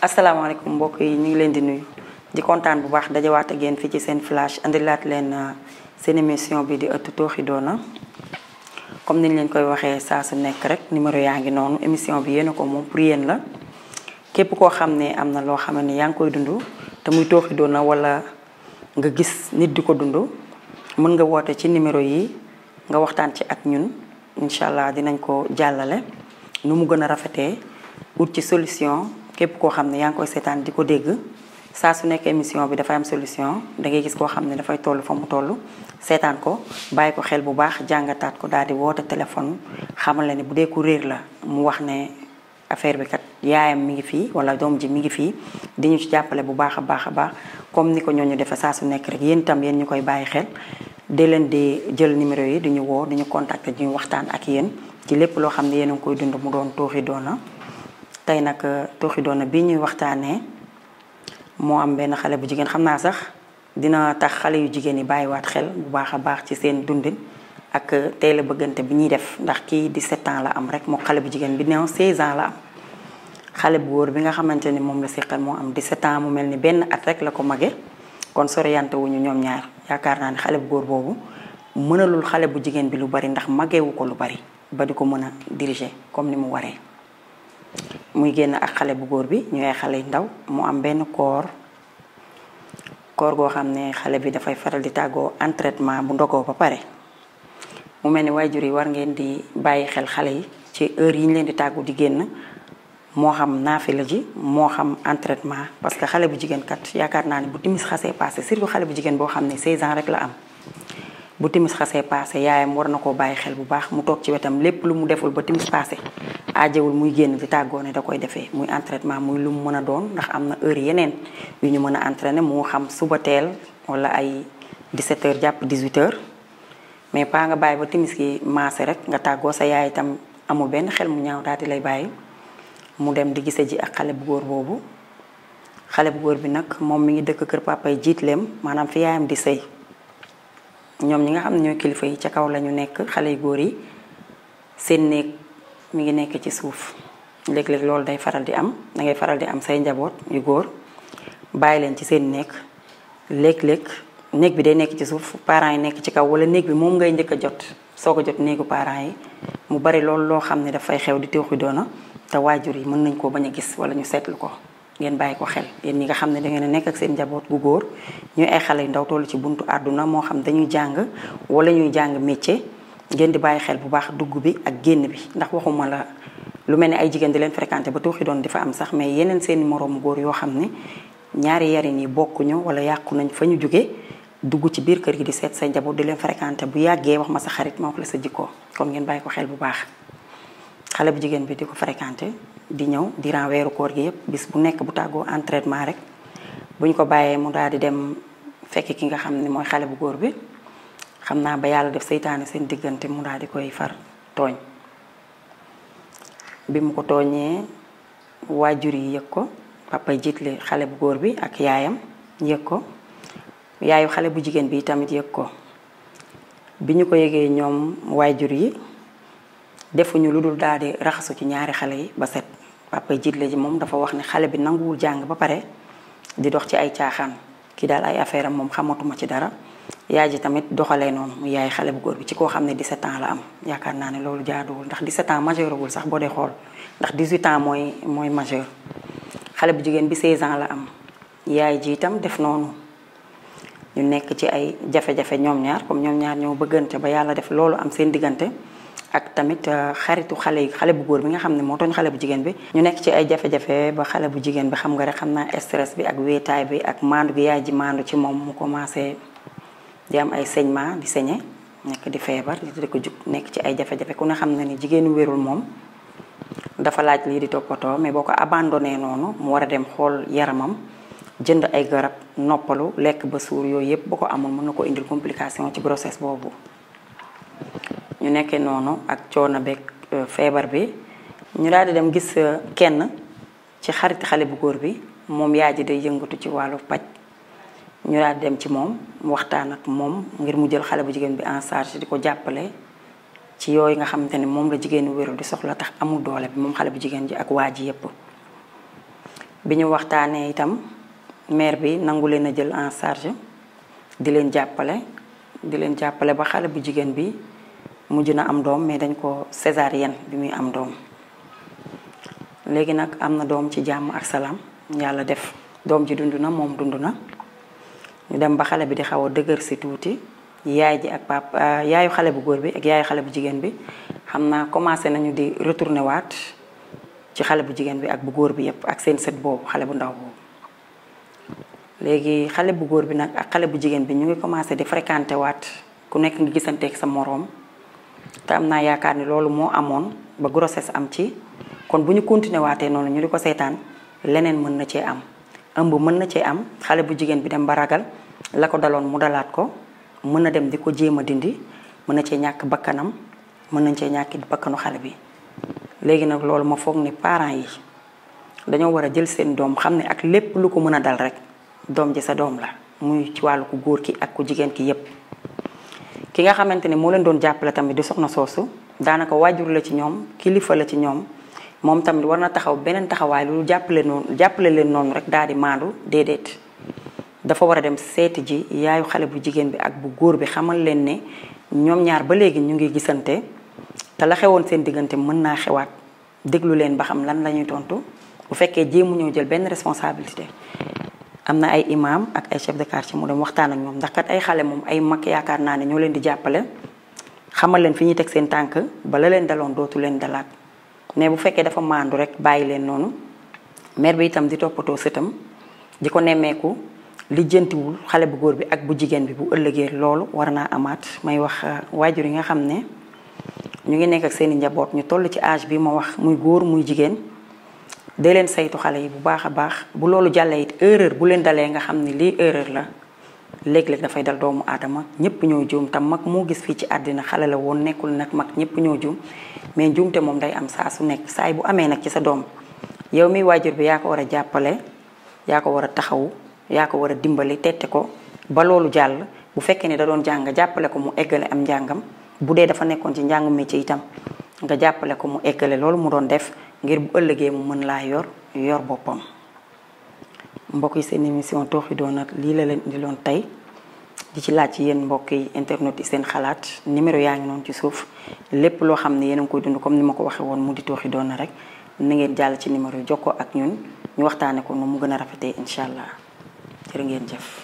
asalaamaaleykum mbokk yi ñu ngi leen di nuy di kontaan bu baax dajawaat ak yéen fii ci seen flash andilaat leen ah, seen émission bi di ëttu tooxi doona comme niñ leen koy waxee saa su nekk rek numéro yaa ngi noonu émission bi yéen ko moom yéen la képp koo xam ne am na loo xam ne yaa ngi koy dund te muy tooxi doona wala nga gis nit di ko dund mën nga woote ci numéro yi nga waxtaan ci ak ñun incha allah dinañ ko jàllale nu mu gën a rafetee ut ci solution képp koo xam ne yaa ngi koy seetaan di ko dégg saa su nekk émission bi dafay am solution dangay gis koo xam ne dafay toll fa mu toll seetaan ko bàyyi ko xel bu baax jàngataat ko daal di woote téléphone xamal la ne bu dee ku réer la mu wax ne affaire bi kat yaayam mi ngi fii wala doom ji mi ngi fii di ñu jàppale bu baax a baax a baax comme ni ko ñooñu defee saa su nekk rek yéen tam yéen ñu koy bàyyi xel di leen di jël numéro yi di ñu woo duñu ñu contacter waxtaan ak yéen ci lépp loo xam ne yéen a ngi koy dund mu doon tooxi doona tey nag euh, tooxi doona bi ñuy waxtaanee moo am benn xale bu jigéen xam naa sax dina tax xale yu jigéen yi bàyyiwaat xel bu baax a baax ci seen dundin ak euh, tey la bëggante bi ñuy def ndax kii di ans la am rek moo xale bu jigéen bi néew 16 ans la am xale bu góor bi nga xamante ni moom la seqal moo am di ans mu mel ni benn at rek la ko mage kon soriyante wuñu ñoom ñaar yaakaar naa ni xale bu góor boobu mënalul xale bu jigéen bi lu bari ndax magewu ko lu bari ba di ko mën a diriger comme ni mu waree muy génn ak xale bu góor bi ñooy xale yu ndaw mu am benn koor koor goo xam ne xale bi dafay faral di tàggoo entraînement bu ndogoo ba pare mu mel ni waajur yi war ngeen di bàyyi xel xale yi ci heure yi ñu leen di tàggu di génn moo xam naafila ji moo xam entraînement parce que xale bu jigéen kat yaakaar naa ne bu timis xasee passé surtout xale bu jigéen boo xam ne 16 ans rek la am bu timis xasse passé yaayam war na baye xel bu baax mu tok ci wetam lepp lu mu deful ba timis passé aajewul muy genn fi tagone da koy defé muy entraînement muy lu mu meuna doon ndax amna heure yeneen yu ñu meuna entraîner mo xam suba tel wala ay 17 h japp 18 h mais pa nga baye ba timis ki maase rek nga tàggoo sa yaay tam amu ben xel mu ñaaw daati lay baye mu dem di gisse ji ak xale bu góor bobu xale bu góor bi nak mom mi ngi dekk keur papay jitlem manam fi yaayam di sey ñoom ñi nga xam ne ñooy kilifa yi ca kaw lañu nekk xale yu góor yi seen néeg mu ngi nekk ci suuf léeg-léeg loolu day faral di am da ngay faral di am say njaboot yu góor bàyyi leen ci seen néeg léeg-léeg néeg bi day nekk ci suuf parent yi nekk ci kaw wala néeg bi moom ngay njëkk a jot soo ko jot néegu parent yi mu bari loolu loo xam ne dafay xew di teexu doona te waajur yi mën nañ koo bañ a gis wala ñu seetlu ko ngeen bàyyi ko xel yéen ñi nga xam ne da ngeen nekk ak seen njaboot gu góor ñuy ay xale yu ndaw tollu ci buntu àdduna moo xam dañuy jàng wala ñuy jàng métier ngeen di bàyyi xel bu baax dugg bi ak génn bi ndax waxuma la lu mel ni ay jigéen di leen fréquenté ba tuuxi doon di fa am sax mais yeneen seen moroom góor yoo xam ne ñaari yarin yi bokkuñu wala yàqu nañ fa ñu jóge dugg ci biir kër gi di seet sa njaboot di leen fréquenté bu yàggee wax ma sa xarit ma wax sa jikkoo kon ngeen bàyyi ko xel bu baax xale bu jigéen bi di ko fréquenté di ñëw durant weeru koor gi yëpp bis bu nekk bu tàggoo entraînement rek bu ñu ko bàyyee mu daal di dem fekk ki nga xam ni mooy xale bu góor bi xam naa ba yàlla def seytaane seen diggante mu daal di koy far tooñ bi mu ko tooñee waajur yi yëg ko papa jiitle xale bu góor bi ak yaayam yëg ko yaayu xale bu jigéen bi tamit yëg ko bi ñu ko yëgee ñoom waajur yi defuñu lu dul daal di raxasu ci ñaari xale yi ba set papa jiitle ji moom dafa wax ne xale bi nanguwul jàng ba pare di dox ci ay caaxaan kii daal ay affaire am moom xamatuma ci dara yaay ji tamit doxalee noonu mu yaay xale bu góor bi ci koo xam ne 17 ans la am yaakaar ne loolu jaaduwul ndax 17 ans majeuragul sax boo dee xool ndax 18 mooy mooy majeur xale bu jigéen bi 16 ans la am yaay ji itam def noonu ñu nekk ci ay jafe-jafe ñoom ñaar comme ñoom ñaar ñoo bëggante ba yàlla def loolu am seen diggante ak tamit euh, xaritu xale xale bu góor bi nga xam ne moo tooñ xale bu jigéen bi ñu nekk ci ay jafe-jafe ba xale bu jigéen bi xam nga rek xam naa stress bi ak wéetaay bi ak maandu bi yaay ji maandu ci moom mu commencé di am ay saignement di señe nekk di feebar ko nekk ci ay jafe-jafe ku ne xam na ni jigéenu wérul moom dafa laaj lii di toppatoo mais boo ko abandonné noonu mu war a dem xool yaramam jënd ay garab noppalu lekk ba suur yooyu yëpp boo ko amul mën na ko indil complication ci grossesse boobu ñu nekké noonu ak coono bek euh, feebar bi ñu daal di dem gis euh, kenn ci xarit xalé bu goor bi mom yaaji day yëngatu ci walu paj ñu daal dem ci moom waxtaan ak mom ngir mu jël xalé bu jigen bi en charge diko ko ci yoy nga xamanteni mom moom la jigéenu wëru di soxla tax amul doole bi mom xalé bu jigen ji ak waaji yépp biñu waxtaané itam maire bi nangu jël en charge di leen jappalé di leen jappalé ba xalé bu jigen bi mujj na am doom mais dañ ko césarienne bi muy am doom léegi nag am na doom ci jàmm ak salaam yàlla def doom ji dund na moom dund na ñu dem ba xale bi di xaw a dëgër si tuuti yaay ji ak pap euh, yaayu xale bu góor bi ak yaayu xale bu jigéen bi xam naa commencé nañu di retourné waat ci xale bu jigéen bi ak bu góor bi yépp ak seen set boobu xale bu ndaw boobu léegi xale bu góor bi nag ak xale bu jigéen bi ñu ngi commencé di fréquenté waat ku nekk ngi gisanteeg sa moroom te am naa yaakaar ni loolu moo amoon ba grossesse am ci kon bu ñu continuer noonu ñu di ko seetaan leneen mën na cee am ëmb mën na cee am xale bu jigéen bi dem ba ragal la ko daloon mu dalaat ko mën a dem di ko jéem a dindi mën na cee ñàkk bakkanam mën nañ cee ñàkk bakkanu xale bi léegi nag loolu ma foog ni parent yi dañoo war a jël seen doom xam ne ak lépp lu ko mën a dal rek doom ji sa doom la muy ci wàllu ku góor ki ak ku jigéen ki yépp ki nga xamante ne moo leen doon jàppale tamit di soxna soosu daanaka waajur la ci ñoom kilifa la ci ñoom moom tamit war na taxaw beneen taxawaay lu jàppale noonu jàppale leen noonu rek daal di maandu déedéet. dafa war a dem seeti ji yaayu xale bu jigéen bi ak bu góor bi xamal leen ne ñoom ñaar ba léegi ñu ngi gisante te la xewoon seen diggante mën naa xewaat déglu leen ba xam lan lañuy tontu bu fekkee jéemu ñoo jël benn responsabilité. am na ay imaam ak ay chef de quartier mu dem waxtaan ak moom ndax kat ay xale moom ay mag yaakaar naa ne ñoo leen di jàppale xamal leen fi ñuy teg seen tànk ba la leen daloon dootu leen dalaat mais bu fekkee dafa maandu rek bàyyi leen noonu maire bi itam di toppatoo sëtam di ko nemmeeku lijjantiwul xale bu góor bi ak bu jigéen bi bu ëllëgee loolu war naa amaat may wax euh, waajur yi nga xam ne ñu ngi nekk ak seen i njaboot ñu toll ci âge bi ma wax muy góor muy jigéen day leen saytu xale yi bu baax a baax bu loolu jàllee it erreur bu leen dalee nga xam ne lii erreur la léeg-léeg dafay dal doomu aadama ñëpp ñoo juum tam mag moo gis fii ci àddina xale la woon nekkul nag mag ñëpp ñoo juum mais njuumte moom day am saa su nekk saay bu amee nag ci sa doom yow mi waajur bi yaa ko war a jàppale yaa ko war a taxawu yaa ko war a dimbali tette ko ba loolu jàll bu fekkee ne da doon jàng nga jàppale ko mu eggale am njàngam bu dee dafa nekkoon ci njàngu métier itam nga jàppale ko mu eggale loolu mu doon def ngir bu ëllëgee mu mën laa yor yor boppam mbokk yi seen émission tooxi doonat lii la leen loon tey di ci laaj ci yéen mbokk yi internet yi seen xalaat numéro yaa ngi noonu ci suuf lépp loo xam ne yéen a ngi koy dund comme ni ma ko waxee woon mu di tooxi doona rek na ngeen jàll ci numéro yi ko ak ñun ñu waxtaane ko nu mu gën a rafetee incha allah jërë ngeen jëf